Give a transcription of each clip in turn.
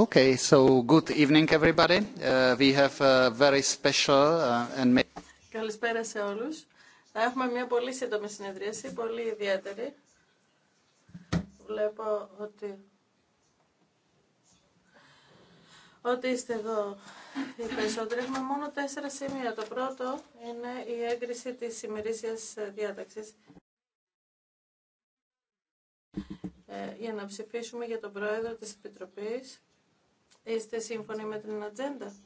evening Καλησπέρα σε όλους. Θα έχουμε μια πολύ σύντομη συνεδρίαση, πολύ ιδιαίτερη. Βλέπω ότι... Ότι είστε εδώ οι περισσότεροι. Έχουμε μόνο τέσσερα σημεία. Το πρώτο είναι η έγκριση της ημερήσιας διάταξης. Ε, για να ψηφίσουμε για τον πρόεδρο της Επιτροπής Είστε σύμφωνοι με την ατζέντα.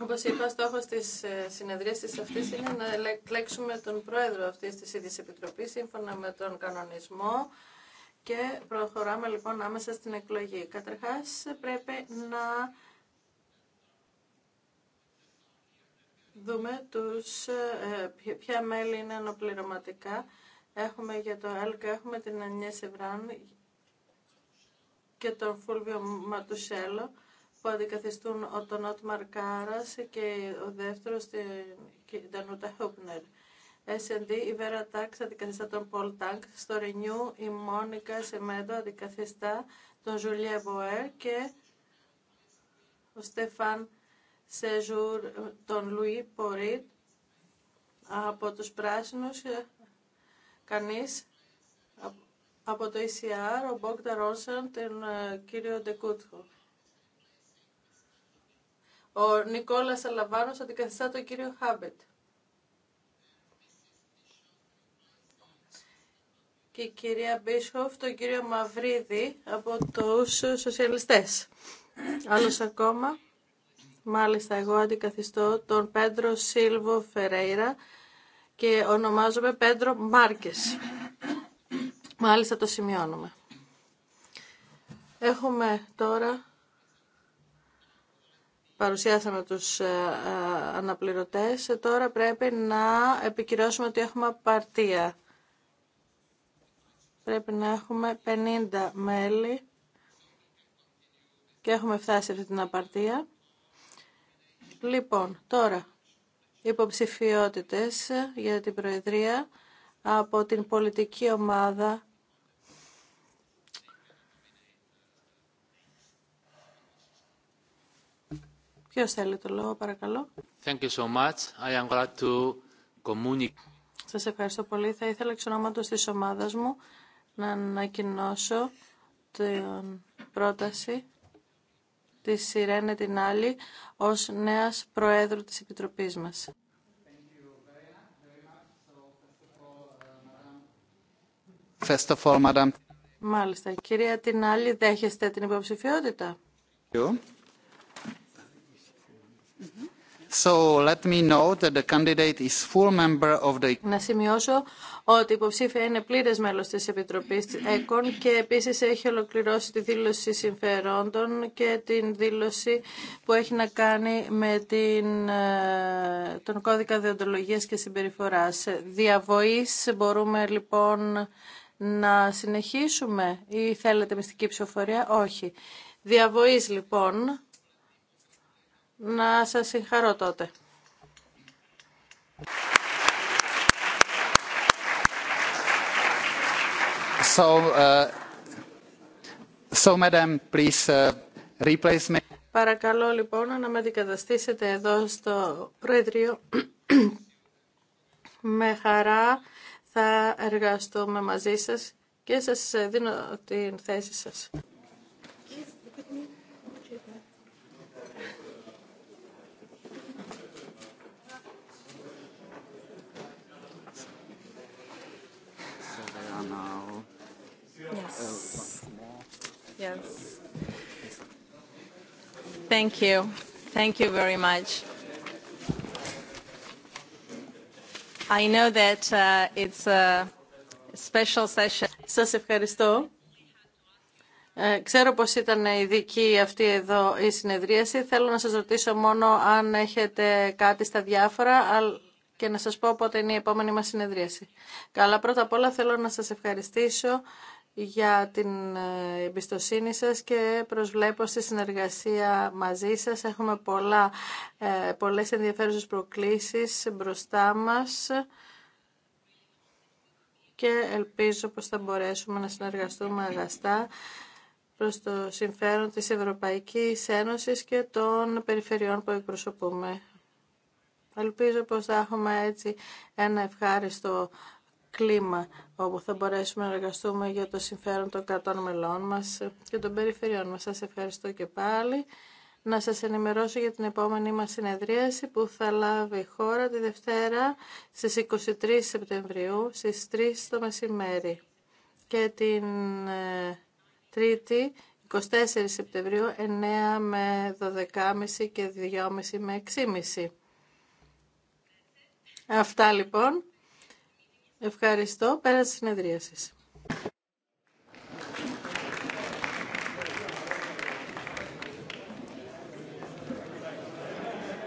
Όπω είπα, στόχο τη ε, συνεδρία τη αυτή είναι να εκλέξουμε τον πρόεδρο αυτή τη ίδια επιτροπή σύμφωνα με τον κανονισμό και προχωράμε λοιπόν άμεσα στην εκλογή. Καταρχά, πρέπει να δούμε τους, ε, ποια μέλη είναι αναπληρωματικά Έχουμε για το Έλκα, έχουμε την Ανιέ Σεβράν και τον Φούλβιο Ματουσέλο που αντικαθιστούν ο τον Ότμαρ Κάρας και ο δεύτερος την Ντανούτα Χούπνερ. S&D, η Βέρα Τάξ αντικαθιστά τον Πολ Τάγκ, στο Ρενιού η Μόνικα Σεμέντο αντικαθιστά τον Ζουλιέ Μποέρ και ο Στεφάν Σεζούρ τον Λουί Πορίτ από τους Πράσινους κανείς από το ECR, ο Μπόγκτα Ρόνσαν, τον ε, κύριο Ντεκούτχο. Ο Νικόλας Αλαβάνος αντικαθιστά τον κύριο Χάμπετ. Και η κυρία Μπίσχοφ, τον κύριο Μαυρίδη από τους σοσιαλιστές. Άλλος ακόμα. Μάλιστα, εγώ αντικαθιστώ τον Πέντρο Σίλβο Φερέιρα, και ονομάζομαι Πέντρο Μάρκες. Μάλιστα το σημειώνουμε. Έχουμε τώρα, παρουσιάσαμε τους ε, ε, αναπληρωτές, τώρα πρέπει να επικυρώσουμε ότι έχουμε απαρτία. Πρέπει να έχουμε 50 μέλη και έχουμε φτάσει αυτή την απαρτία. Λοιπόν, τώρα υποψηφιότητες ε, για την Προεδρία από την πολιτική ομάδα Ποιο θέλει το λόγο, παρακαλώ. Thank you so much. I am glad to communicate. Σας ευχαριστώ πολύ. Θα ήθελα εξ ονόματο της ομάδα μου να ανακοινώσω την πρόταση τη Σιρένε την άλλη ως νέας Προέδρου της Επιτροπής μας. First of all, Madam. Μάλιστα. Κυρία άλλη δέχεστε την υποψηφιότητα. Να σημειώσω ότι η υποψήφια είναι πλήρες μέλος της Επιτροπής ΕΚΟΝ και επίσης έχει ολοκληρώσει τη δήλωση συμφερόντων και την δήλωση που έχει να κάνει με την, ε, τον κώδικα διοντολογίας και συμπεριφοράς. Διαβοής μπορούμε λοιπόν να συνεχίσουμε ή θέλετε μυστική ψηφοφορία. Όχι. Διαβοής λοιπόν να σας συγχαρώ τότε. So, uh, so madam, please uh, Παρακαλώ λοιπόν να με αντικαταστήσετε εδώ στο Προεδρείο. με χαρά θα εργαστούμε μαζί σας και σας δίνω την θέση σας. Yes. Thank you. Thank you very much. I know that uh, it's a special session. Σας ευχαριστώ. Ε, ξέρω πως ήταν ειδική αυτή εδώ η συνεδρίαση. Θέλω να σας ρωτήσω μόνο αν έχετε κάτι στα διάφορα και να σας πω πότε είναι η επόμενη μας συνεδρίαση. Καλά, πρώτα απ' όλα θέλω να σας ευχαριστήσω για την ε, εμπιστοσύνη σας και προσβλέπω στη συνεργασία μαζί σας. Έχουμε πολλά, ε, πολλές ενδιαφέρουσες προκλήσεις μπροστά μας και ελπίζω πως θα μπορέσουμε να συνεργαστούμε αγαστά προς το συμφέρον της Ευρωπαϊκής Ένωσης και των περιφερειών που εκπροσωπούμε. Ελπίζω πως θα έχουμε έτσι ένα ευχάριστο κλίμα όπου θα μπορέσουμε να εργαστούμε για το συμφέρον των κρατών μελών μας και των περιφερειών μας. Σας ευχαριστώ και πάλι. Να σας ενημερώσω για την επόμενή μας συνεδρίαση που θα λάβει η χώρα τη Δευτέρα στις 23 Σεπτεμβρίου στις 3 το μεσημέρι και την ε, Τρίτη 24 Σεπτεμβρίου 9 με 12.30 και 2.30 με 6.30. Αυτά λοιπόν. Ευχαριστώ. Πέρα τη συνεδρίαση.